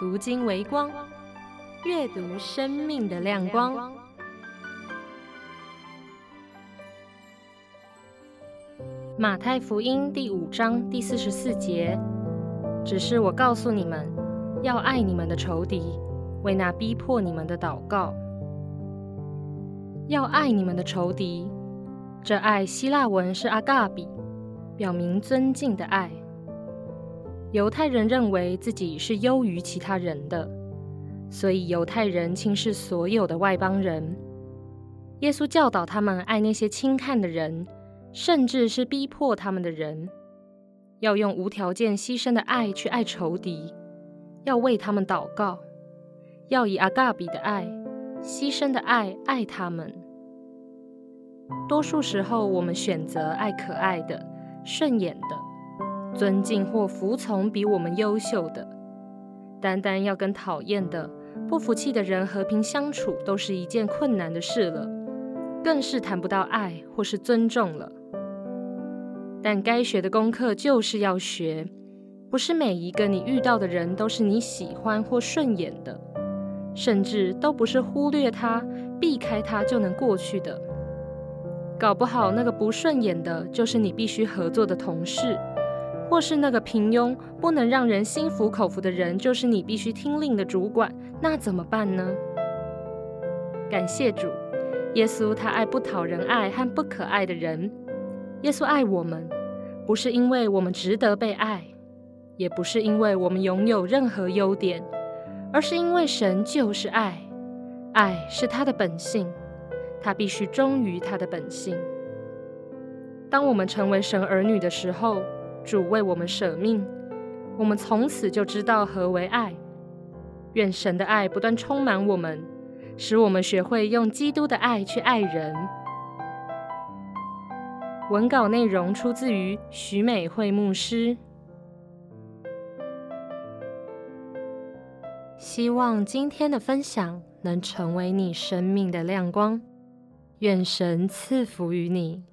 讀經為光，閱讀生命的亮光。馬太福音第五章第四十四節：只是我告訴你們，要愛你們的仇敵，為那逼迫你們的禱告。要愛你們的仇敵，這愛希臘文是阿嘎比，表明尊敬的愛。猶太人認為自己是優於其他人的，所以猶太人輕視所有的外邦人。耶穌教導他們愛那些輕看的人，甚至是逼迫他們的人，要用無條件犧牲的愛去愛仇敵，要為他們禱告，要以阿噶比的愛、犧牲的愛愛他們。多數時候，我們選擇愛可愛的、順眼的。尊敬或服從比我們優秀的，單單要跟討厭的、不服氣的人和平相處，都是一件困難的事了，更是談不到愛或是尊重了。但該學的功課就是要學，不是每一個你遇到的人都是你喜歡或順眼的，甚至都不是忽略他、避開他就能過去的。搞不好那個不順眼的，就是你必須合作的同事。或是那個平庸、不能讓人心服口服的人，就是你必須聽令的主管，那怎麼辦呢？感謝主，耶穌他愛不討人愛和不可愛的人。耶穌愛我們，不是因為我們值得被愛，也不是因為我們擁有任何優點，而是因為神就是愛，愛是他的本性，他必須忠於他的本性。當我們成為神兒女的時候。主為我們捨命，我們從此就知道何為愛。願神的愛不斷充滿我們，使我們學會用基督的愛去愛人。文稿內容出自於許美惠牧師。希望今天的分享能成為你生命的亮光，願神賜福於你。